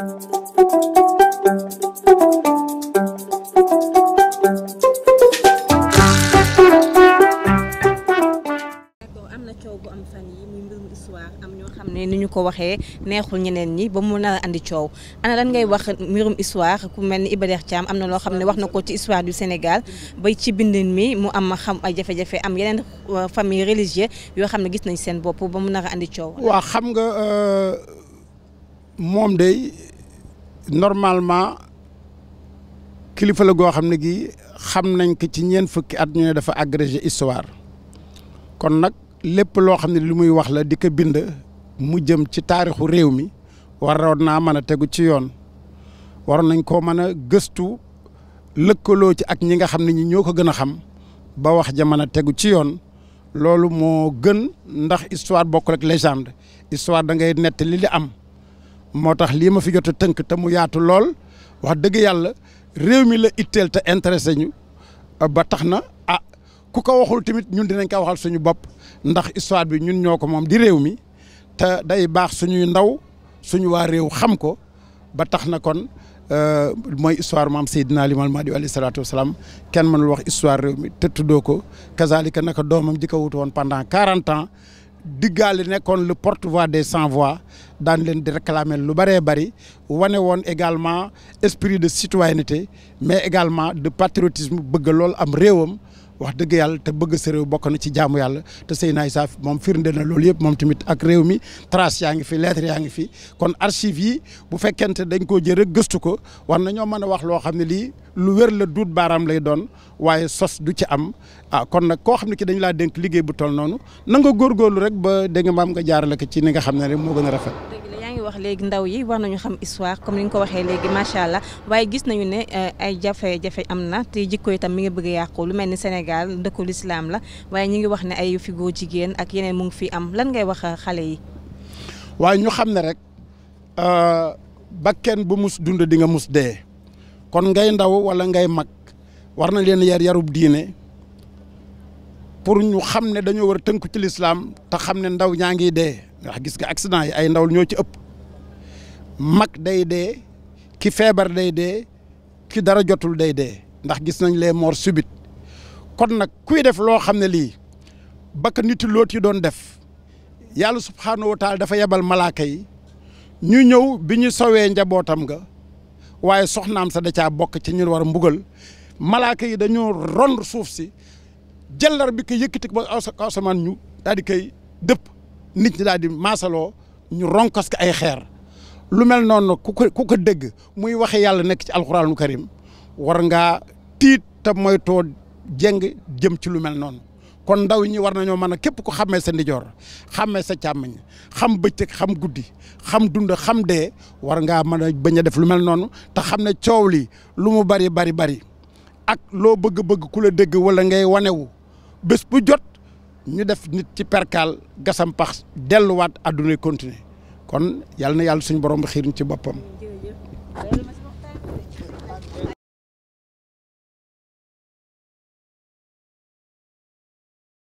am na ñoo xam ne ni ñu ko waxee neexul ñeneen ñi ba mu nar a andi coow ana lan ngay wax mbirum histoire ku mel ni Iba Der am na loo xam ne wax na ko ci histoire du Sénégal bay ci bindin mi mu am a xam ay jafe-jafe am yeneen euh, famille religieuse yoo xam ne gis nañ seen bopp ba mu nar a andi coow. waaw xam nga euh, moom day normalement kilifa la goo xam ne gi xam nañ ko ci ñeent fukki at ñu dafa agrégé histoire kon nag lépp loo xam ne li muy wax la di ko bind mu jëm ci taarixu réew mi waroon naa mën a tegu ci yoon waroon nañ koo mën a gëstu lëkkaloo ci ak ñi nga xam ne ñi ñoo ko gën a xam ba wax ja mën a tegu ci yoon loolu moo gën ndax histoire bokkul ak légende histoire da ngay nettali li am. moo tax lii ma fi jot tënk te mu yaatu lool wax dëgg yàlla réew mi la itteel te intéressé ñu ba tax na ah ku ko waxul tamit ñun dinañ ko waxal suñu bopp ndax histoire bi ñun ñoo ko moom di réew mi te day baax suñuy ndaw suñu waa réew xam ko ba tax na kon euh, mooy histoire maam Seydina Limaamu Mahdi alayhi salaatu wasalaam kenn mënul wax histoire réew mi te tuddoo ko kazalika naka doomam ji ko woon pendant quarante ans diggaale nekkoon le porte-voix des sans voix daan leen di réclamer lu bëree bëri wane woon également esprit de citoyenneté mais également de patriotisme bëgg lool am réewam wax dëgg yàlla te bëgg sa réew bokk na ci jaamu yàlla te Seydina Issa moom firnde na loolu yëpp moom tamit ak réew mi trace yaa ngi fi lettre yaa ngi fi kon archive yi bu fekkente dañ koo jël rek gëstu ko war na ñoo mën a wax loo xam ne lii lu wér la duut baaraam lay doon waaye sos du ci am ah kon nag koo xam ne ki dañ laa denk liggéey bu toll noonu na nga góorgóorlu rek ba dégg nga maam nga jaarale ko ci ni nga xam ne rek moo gën a rafet yaa ngi wax léegi ndaw yi war nañu xam histoire comme ni nga ko waxee léegi macha allah waaye gis nañu ne eh, ay jafe-jafe am na te jikko yi tam mi ngi bëgg a yàqu lu mel ni Sénégal dëkku lislaam la waaye ñu ngi wax ne ay fi jigéen ak yeneen mu ngi fi am lan ngay wax eh, xale yi. waaye ñu xam ne rek eh, bakken bu mus dund di nga mus dee kon ngay ndaw wala ngay mag war na leen yar yarub diine. pour ñu xam ne dañoo war a tënku ci lislaam ta xam ne ndaw ñaa ngi dee ndax gis nga accident yi ay ndaw ñoo ci ëpp mag day dee ki feebar day dee ki dara jotul day dee ndax gis nañ lee morts subites kon nag kuy def loo xam ne lii bakka niti loo yi doon def yàlla subhaanahu wa taala dafa yebal malaaka yi ñu ñëw bi ñu sowee njabootam nga waaye soxnaam sa da caa bokk ci ñu war a mbugal malaaka yi dañoo ron suuf si jëllar bi koy yëkkati ko ba asamaan ñu daal di koy dëpp nit ñi daal di maasaloo ñu ronkos ko ay xeer lu mel noonu ku ko ku ko dégg muy waxe yàlla nekk ci alxuraanu karim war ngaa tiit te moytoo jeng jëm ci lu mel noonu kon ndaw ñi war nañoo mën a képp ku xàmmee sa ndijoor xàmmee sa càmmiñ xam bëccëg xam guddi xam dund xam dee war ngaa mën a bañ a def lu mel noonu te xam ne coow li lu bari bari bari ak loo bëgg-bëgg ku la dégg wala ngay wanewu bés bu jot ñu def nit ci perkaal gasam pax delluwaat àdduna continuer kon yàlla na yàlla suñu borom xiir ci boppam.